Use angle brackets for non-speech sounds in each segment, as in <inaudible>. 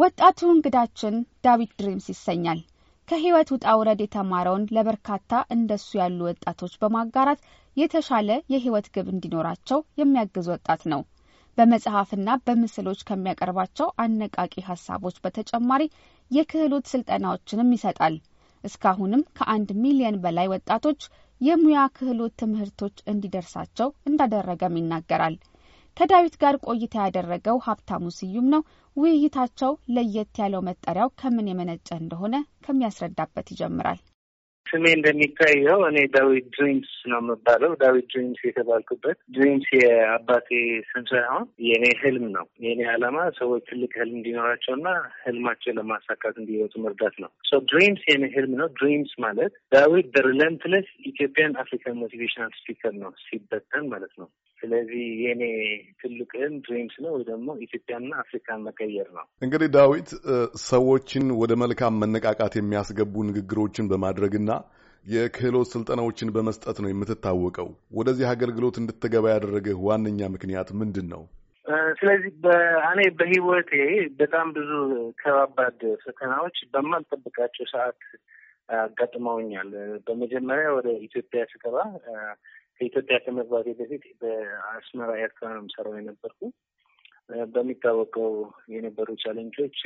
ወጣቱ እንግዳችን ዳዊት ድሪምስ ይሰኛል። ከህይወት ውጣ ውረድ የተማረውን ለበርካታ እንደሱ ያሉ ወጣቶች በማጋራት የተሻለ የህይወት ግብ እንዲኖራቸው የሚያግዝ ወጣት ነው። በመጽሐፍና በምስሎች ከሚያቀርባቸው አነቃቂ ሀሳቦች በተጨማሪ የክህሎት ስልጠናዎችንም ይሰጣል። እስካሁንም ከአንድ ሚሊየን በላይ ወጣቶች የሙያ ክህሎት ትምህርቶች እንዲደርሳቸው እንዳደረገም ይናገራል። ከዳዊት ጋር ቆይታ ያደረገው ሀብታሙ ስዩም ነው። ውይይታቸው ለየት ያለው መጠሪያው ከምን የመነጨ እንደሆነ ከሚያስረዳበት ይጀምራል። ስሜ እንደሚታየው እኔ ዳዊት ድሪምስ ነው የምባለው። ዳዊት ድሪምስ የተባልኩበት ድሪምስ የአባቴ ስም ሳይሆን የእኔ ህልም ነው። የእኔ ዓላማ ሰዎች ትልቅ ህልም እንዲኖራቸውና ህልማቸው ለማሳካት እንዲወጡ መርዳት ነው። ሶ ድሪምስ የእኔ ህልም ነው። ድሪምስ ማለት ዳዊት በሪለንትለስ ኢትዮጵያን አፍሪካን ሞቲቬሽናል ስፒከር ነው ሲበተን ማለት ነው። ስለዚህ የኔ ትልቅ ህልም ድሪምስ ነው ወይ ደግሞ ኢትዮጵያና አፍሪካን መቀየር ነው። እንግዲህ ዳዊት ሰዎችን ወደ መልካም መነቃቃት የሚያስገቡ ንግግሮችን በማድረግና የክህሎት ስልጠናዎችን በመስጠት ነው የምትታወቀው። ወደዚህ አገልግሎት እንድትገባ ያደረገህ ዋነኛ ምክንያት ምንድን ነው? ስለዚህ እኔ በህይወቴ በጣም ብዙ ከባባድ ፈተናዎች በማልጠብቃቸው ሰዓት አጋጥመውኛል። በመጀመሪያ ወደ ኢትዮጵያ ስገባ ከኢትዮጵያ ከመግባቴ በፊት በአስመራ ኤርትራ ነው የምሰራው የነበርኩ። በሚታወቀው የነበሩ ቻለንጆች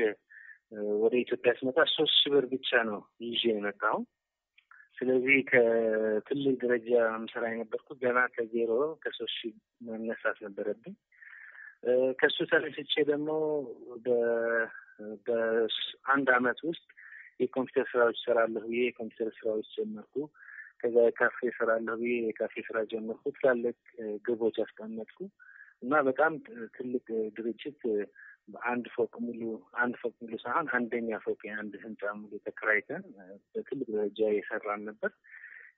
ወደ ኢትዮጵያ ስመጣ ሶስት ሺህ ብር ብቻ ነው ይዤ የመጣው። ስለዚህ ከትልቅ ደረጃ ምሰራ የነበርኩ ገና ከዜሮ ከሶስት ሺህ መነሳት ነበረብኝ። ከእሱ ተነስቼ ደግሞ በአንድ አመት ውስጥ የኮምፒውተር ስራዎች ይሰራለሁ ይህ የኮምፒውተር ስራዎች ጀመርኩ። ከዛ የካፌ ስራ አለ ብዬ የካፌ ስራ ጀመርኩ። ትላልቅ ግቦች አስቀመጥኩ እና በጣም ትልቅ ድርጅት አንድ ፎቅ ሙሉ አንድ ፎቅ ሙሉ ሳይሆን አንደኛ ፎቅ የአንድ ህንፃ ሙሉ ተከራይተን በትልቅ ደረጃ የሰራን ነበር።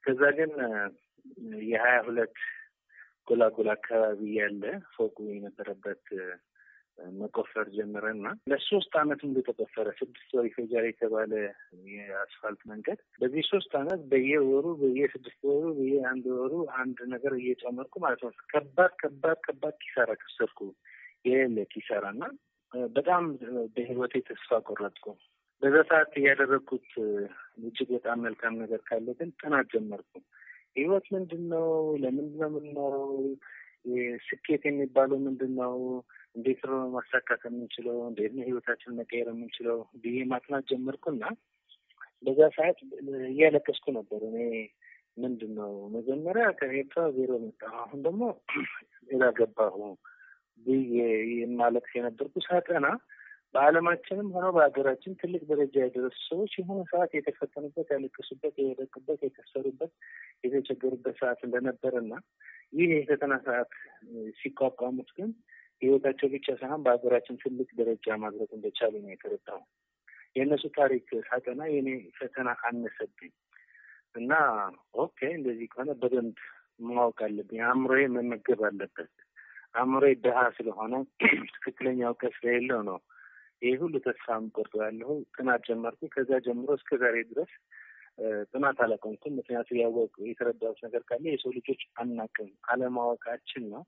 ከዛ ግን የሀያ ሁለት ጎላጎላ አካባቢ ያለ ፎቁ የነበረበት መቆፈር ጀምረና ለሶስት አመት እንደተቆፈረ ስድስት ወር ይፈጃል የተባለ የአስፋልት መንገድ በዚህ ሶስት አመት በየወሩ በየስድስት ወሩ በየአንድ ወሩ አንድ ነገር እየጨመርኩ ማለት ነው። ከባድ ከባድ ከባድ ኪሳራ ከሰርኩ የሌለ ኪሳራና በጣም በህይወቴ ተስፋ ቆረጥኩ። በዛ ሰዓት እያደረግኩት እጅግ በጣም መልካም ነገር ካለ ግን ጥናት ጀመርኩ። ህይወት ምንድን ነው? ለምንድን ነው የምንኖረው? ስኬት የሚባለው ምንድን ነው? እንዴት ነው ማሳካት የምንችለው? እንዴት ነው ህይወታችን መቀየር የምንችለው ብዬ ማጥናት ጀመርኩና በዛ ሰዓት እያለቀስኩ ነበር። እኔ ምንድን ነው መጀመሪያ ከኤርትራ ዜሮ መጣ፣ አሁን ደግሞ እዛ <clears throat> ገባሁ ብዬ የማለቅስ የነበርኩ ሳጠና በዓለማችንም ሆነ በሀገራችን ትልቅ ደረጃ የደረሱ ሰዎች የሆነ ሰዓት የተፈተኑበት፣ ያለቀሱበት፣ የወደቁበት፣ የከሰሩበት፣ የተቸገሩበት ሰዓት እንደነበረና ይህ የፈተና ሰዓት ሲቋቋሙት ግን ህይወታቸው ብቻ ሳይሆን በሀገራችን ትልቅ ደረጃ ማድረግ እንደቻሉ ነው የተረዳው። የእነሱ ታሪክ ሳጠና የኔ ፈተና አነሰብኝ እና ኦኬ እንደዚህ ከሆነ በደንብ ማወቅ አለብኝ፣ አእምሮዬ መመገብ አለበት። አእምሮዬ ድሀ ስለሆነ <clears throat> ትክክለኛ እውቀት ስለሌለው ነው ይህ ሁሉ ተስፋ ምቆርጦ ያለሁ ጥናት ጀመርኩ። ከዚያ ጀምሮ እስከ ዛሬ ድረስ ጥናት አላቆምኩም። ምክንያቱ ያወቅ የተረዳሁት ነገር ካለ የሰው ልጆች አናቅም፣ አለማወቃችን ነው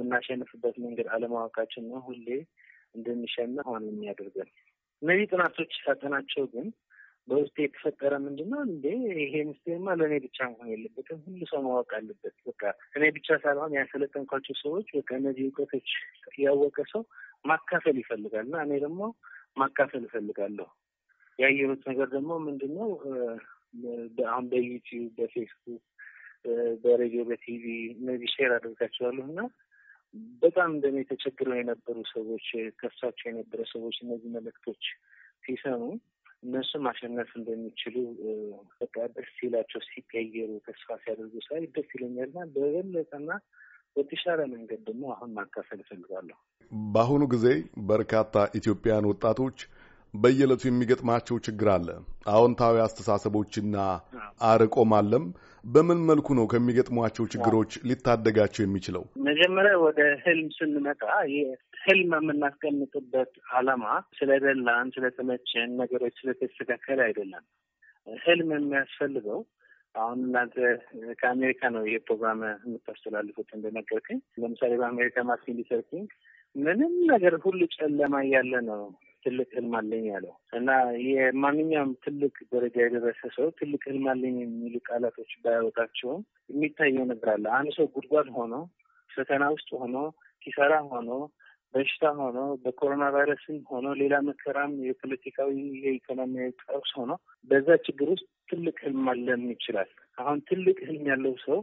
የምናሸንፍበት መንገድ አለማወቃችን ነው ሁሌ እንደሚሸንፍ ሆነ የሚያደርገን እነዚህ ጥናቶች ሳጠናቸው ግን በውስጥ የተፈጠረ ምንድነው እንዴ ይሄ ምስቴማ ለእኔ ብቻ መሆን የለበትም፣ ሁሉ ሰው ማወቅ አለበት። በቃ እኔ ብቻ ሳልሆን ያሰለጠንኳቸው ሰዎች በቃ እነዚህ እውቀቶች ያወቀ ሰው ማካፈል ይፈልጋል እና እኔ ደግሞ ማካፈል እፈልጋለሁ። ያየሩት ነገር ደግሞ ምንድነው አሁን በዩቲዩብ በፌስቡክ በሬዲዮ በቲቪ እነዚህ ሼር አድርጋቸዋለሁ እና በጣም እንደኔ ተቸግረው የነበሩ ሰዎች ከሳቸው የነበረ ሰዎች እነዚህ መልእክቶች ሲሰሙ እነሱ ማሸነፍ እንደሚችሉ በቃ ደስ ሲላቸው ሲቀየሩ ተስፋ ሲያደርጉ ሳይ ደስ ይለኛልና በበለጠና በተሻለ መንገድ ደግሞ አሁን ማካፈል እፈልጋለሁ። በአሁኑ ጊዜ በርካታ ኢትዮጵያውያን ወጣቶች በየዕለቱ የሚገጥማቸው ችግር አለ። አዎንታዊ አስተሳሰቦችና አርቆ ማለም በምን መልኩ ነው ከሚገጥሟቸው ችግሮች ሊታደጋቸው የሚችለው? መጀመሪያ ወደ ህልም ስንመጣ ህልም የምናስቀምጥበት ዓላማ ስለደላን፣ ስለተመቸን፣ ነገሮች ስለተስተካከል አይደለም። ህልም የሚያስፈልገው አሁን እናንተ ከአሜሪካ ነው ይሄ ፕሮግራም የምታስተላልፉት እንደነገርኩኝ። ለምሳሌ በአሜሪካ ማርቲን ሉተር ኪንግ ምንም ነገር ሁሉ ጨለማ እያለ ነው ትልቅ ህልም አለኝ ያለው እና የማንኛውም ትልቅ ደረጃ የደረሰ ሰው ትልቅ ህልም አለኝ የሚሉ ቃላቶች ባያወጣቸውም የሚታየው ነገር አለ። አንድ ሰው ጉድጓድ ሆኖ ፈተና ውስጥ ሆኖ ኪሳራ ሆኖ በሽታ ሆኖ በኮሮና ቫይረስም ሆኖ ሌላ መከራም የፖለቲካዊ የኢኮኖሚያዊ ቀውስ ሆኖ በዛ ችግር ውስጥ ትልቅ ህልም አለም ይችላል። አሁን ትልቅ ህልም ያለው ሰው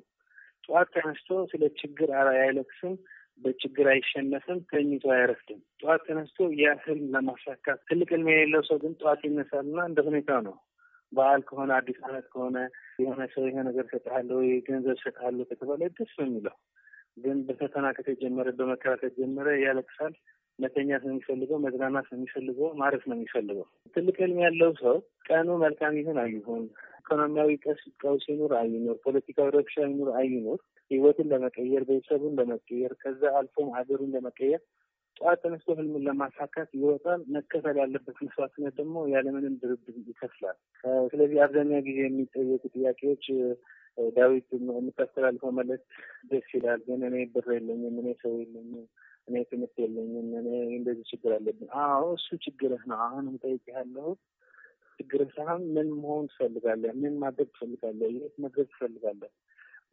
ጠዋት ተነስቶ ስለ ችግር አይለቅስም። በችግር አይሸነፍም፣ ተኝቶ አይረፍድም። ጠዋት ተነስቶ ያ ለማሻካት ለማሳካት ትልቅ ህልም የሌለው ሰው ግን ጠዋት ይነሳልና እንደ ሁኔታው ነው። በዓል ከሆነ አዲስ ዓመት ከሆነ የሆነ ሰው የሆነ ነገር እሰጥሃለሁ ወይ ገንዘብ እሰጥሃለሁ ከተባለ ደስ ነው የሚለው። ግን በፈተና ከተጀመረ በመከራ ከተጀመረ ያለቅሳል። መተኛት ነው የሚፈልገው፣ መዝናናት ነው የሚፈልገው፣ ማረፍ ነው የሚፈልገው። ትልቅ ህልም ያለው ሰው ቀኑ መልካም ይሁን አይሁን ኢኮኖሚያዊ ቀውስ ይኑር አይኑር፣ ፖለቲካዊ ረብሻ ይኑር አይኑር፣ ህይወትን ለመቀየር ቤተሰቡን ለመቀየር ከዛ አልፎም ሀገሩን ለመቀየር ጠዋት ተነስቶ ህልሙን ለማሳካት ይወጣል። መከፈል ያለበት መስዋዕትነት ደግሞ ያለምንም ድርድር ይከፍላል። ስለዚህ አብዛኛው ጊዜ የሚጠየቁ ጥያቄዎች ዳዊት የምታስተላልፈው መለት ደስ ይላል፣ ግን እኔ ብር የለኝም፣ እኔ ሰው የለኝም፣ እኔ ትምህርት የለኝም፣ እኔ እንደዚህ ችግር አለብን። አዎ እሱ ችግርህ ነው። አሁንም ጠይቅ ያለሁት ችግርን ሳይሆን ምን መሆን ትፈልጋለህ? ምን ማድረግ ትፈልጋለህ? የት መድረግ ትፈልጋለህ?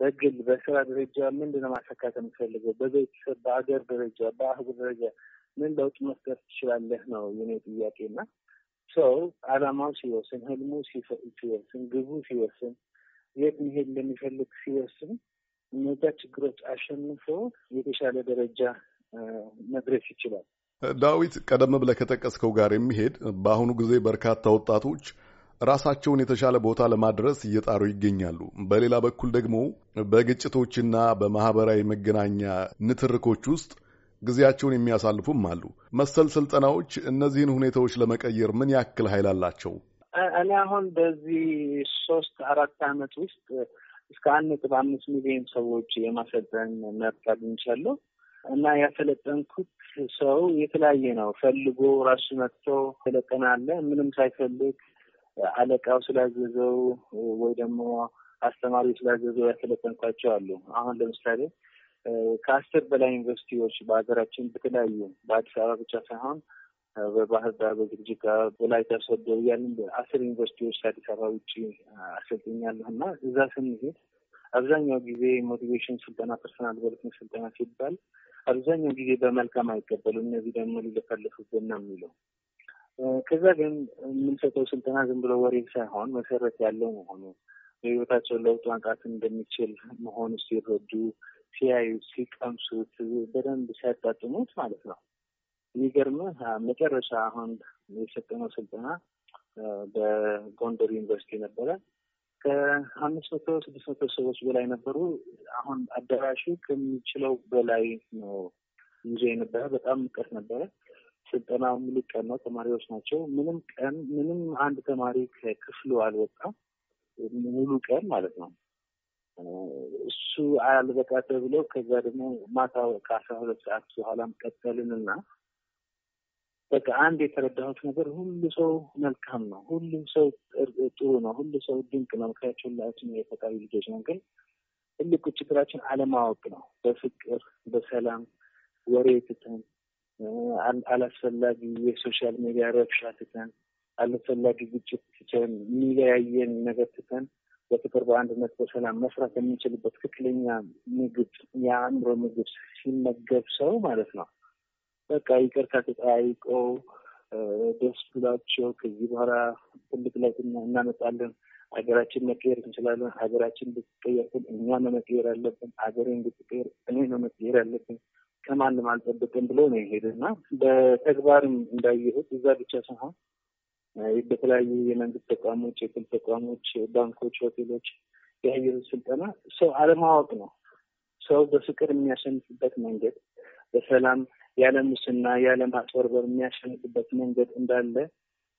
በግል በስራ ደረጃ ምንድነው ማሳካት የምትፈልገው? በቤተሰብ በአገር ደረጃ በአህጉር ደረጃ ምን ለውጥ መፍጠር ትችላለህ ነው የኔ ጥያቄ። እና ሰው አላማው ሲወስን፣ ህልሙ ሲወስን፣ ግቡ ሲወስን፣ የት መሄድ እንደሚፈልግ ሲወስን እነዛ ችግሮች አሸንፎ የተሻለ ደረጃ መድረስ ይችላል። ዳዊት፣ ቀደም ብለህ ከጠቀስከው ጋር የሚሄድ በአሁኑ ጊዜ በርካታ ወጣቶች ራሳቸውን የተሻለ ቦታ ለማድረስ እየጣሩ ይገኛሉ። በሌላ በኩል ደግሞ በግጭቶችና በማህበራዊ መገናኛ ንትርኮች ውስጥ ጊዜያቸውን የሚያሳልፉም አሉ። መሰል ስልጠናዎች እነዚህን ሁኔታዎች ለመቀየር ምን ያክል ኃይል አላቸው? እኔ አሁን በዚህ ሶስት አራት ዓመት ውስጥ እስከ አንድ ነጥብ አምስት ሚሊዮን ሰዎች የማሰልጠን መብት አግኝቻለሁ። እና ያሰለጠንኩት ሰው የተለያየ ነው። ፈልጎ ራሱ መጥቶ ሰለጠና ምንም ሳይፈልግ አለቃው ስላዘዘው ወይ ደግሞ አስተማሪው ስላዘዘው ያሰለጠንኳቸው አሉ። አሁን ለምሳሌ ከአስር በላይ ዩኒቨርሲቲዎች በሀገራችን በተለያዩ በአዲስ አበባ ብቻ ሳይሆን በባህር ዳር፣ በጅግጅጋ፣ በወላይታ ሶዶ እያልን አስር ዩኒቨርሲቲዎች ከአዲስ አበባ ውጭ አሰልጥኛለሁ እና እዛ ስንሄድ አብዛኛው ጊዜ ሞቲቬሽን ስልጠና፣ ፐርሰናል ዴቨሎፕመንት ስልጠና ሲባል አብዛኛው ጊዜ በመልካም አይቀበሉም። እነዚህ ደግሞ ሊለፈልፉብን ነው የሚለው። ከዛ ግን የምንሰጠው ስልጠና ዝም ብሎ ወሬ ሳይሆን መሰረት ያለው መሆኑ በህይወታቸው ለውጥ ማምጣት እንደሚችል መሆኑ ሲረዱ፣ ሲያዩት፣ ሲቀምሱት፣ በደንብ ሲያጣጥሙት ማለት ነው። የሚገርምህ መጨረሻ አሁን የሰጠነው ስልጠና በጎንደር ዩኒቨርሲቲ ነበረ። ከአምስት መቶ ስድስት መቶ ሰዎች በላይ ነበሩ። አሁን አዳራሹ ከሚችለው በላይ ነው ይዞ የነበረ በጣም ሙቀት ነበረ። ስልጠና ሙሉ ቀን ነው። ተማሪዎች ናቸው። ምንም ቀን ምንም አንድ ተማሪ ከክፍሉ አልወጣም። ሙሉ ቀን ማለት ነው። እሱ አልበቃ ተብለው ከዛ ደግሞ ማታ ከአስራ ሁለት ሰዓት በኋላም ቀጠልንና በቃ አንድ የተረዳሁት ነገር ሁሉ ሰው መልካም ነው፣ ሁሉ ሰው ጥሩ ነው፣ ሁሉ ሰው ድንቅ ነው። ምክንያቸው ሁላችን የፈጣሪ ልጆች ነው። ግን ትልቁ ችግራችን አለማወቅ ነው። በፍቅር በሰላም ወሬ ትተን፣ አላስፈላጊ የሶሻል ሚዲያ ረብሻ ትተን፣ አላስፈላጊ ግጭት ትተን፣ የሚለያየን ነገር ትተን በፍቅር በአንድነት በሰላም መስራት የምንችልበት ትክክለኛ ምግብ የአእምሮ ምግብ ሲመገብ ሰው ማለት ነው በቃ ይቅርታ ተጠያይቀው ደስ ብሏቸው ከዚህ በኋላ ትልቅ ለውጥ እናመጣለን፣ ሀገራችን መቀየር እንችላለን፣ ሀገራችን ብትቀየርን እኛ መመቀየር አለብን፣ ሀገሬን ብትቀየር እኔ መመቀየር አለብን፣ ከማንም አልጠብቅም ብሎ ነው የሄደና በተግባርም እንዳየሁት እዛ ብቻ ሳይሆን በተለያዩ የመንግስት ተቋሞች፣ የግል ተቋሞች፣ ባንኮች፣ ሆቴሎች የአየሩ ስልጠና ሰው አለማወቅ ነው። ሰው በፍቅር የሚያሸንፍበት መንገድ በሰላም ያለ ሙስና ያለ ማጭበርበር የሚያሸንፍበት መንገድ እንዳለ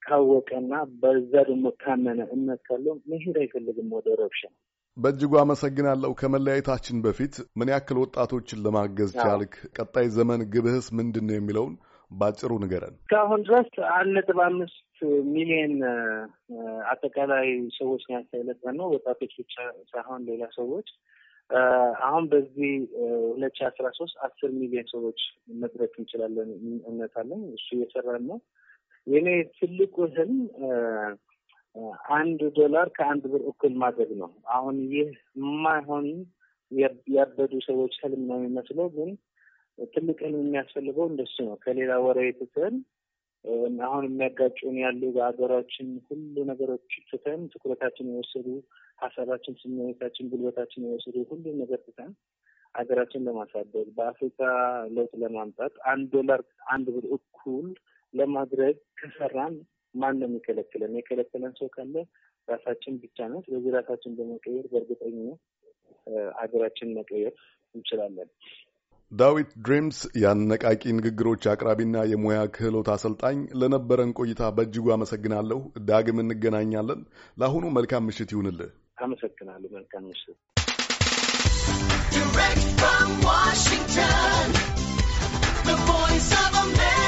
ካወቀና በዛ ደግሞ ካመነ እምነት ካለው መሄድ አይፈልግም ወደ ረብሻ። በእጅጉ አመሰግናለሁ። ከመለያየታችን በፊት ምን ያክል ወጣቶችን ለማገዝ ቻልክ? ቀጣይ ዘመን ግብህስ ምንድን ነው የሚለውን ባጭሩ ንገረን። እስካሁን ድረስ አንድ ነጥብ አምስት ሚሊዮን አጠቃላይ ሰዎች ያሳይለጠ ነው። ወጣቶች ብቻ ሳይሆን ሌላ ሰዎች አሁን በዚህ ሁለት ሺህ አስራ ሶስት አስር ሚሊዮን ሰዎች መድረክ እንችላለን እምነት አለን። እሱ እየሰራን ነው። የኔ ትልቁ ህልም አንድ ዶላር ከአንድ ብር እኩል ማድረግ ነው። አሁን ይህ የማይሆን ያበዱ ሰዎች ህልም ነው የሚመስለው፣ ግን ትልቅ ህልም የሚያስፈልገው እንደሱ ነው። ከሌላ ወሬ ትትህል አሁን የሚያጋጩን ያሉ በሀገራችን ሁሉ ነገሮች ትተን ትኩረታችን የወሰዱ ሀሳባችን፣ ስሜታችን፣ ጉልበታችን የወሰዱ ሁሉም ነገር ትተን ሀገራችን ለማሳደግ በአፍሪካ ለውጥ ለማምጣት አንድ ዶላር አንድ ብር እኩል ለማድረግ ከሰራን ማን ነው የሚከለክለን? የከለከለን ሰው ካለ ራሳችን ብቻ ነው። ስለዚህ ራሳችን በመቀየር በእርግጠኝነት ሀገራችን መቀየር እንችላለን። ዳዊት ድሪምስ የአነቃቂ ንግግሮች አቅራቢና የሙያ ክህሎት አሰልጣኝ፣ ለነበረን ቆይታ በእጅጉ አመሰግናለሁ። ዳግም እንገናኛለን። ለአሁኑ መልካም ምሽት ይሁንልህ። አመሰግናለሁ። መልካም ምሽት። Direct from Washington, the voice of America.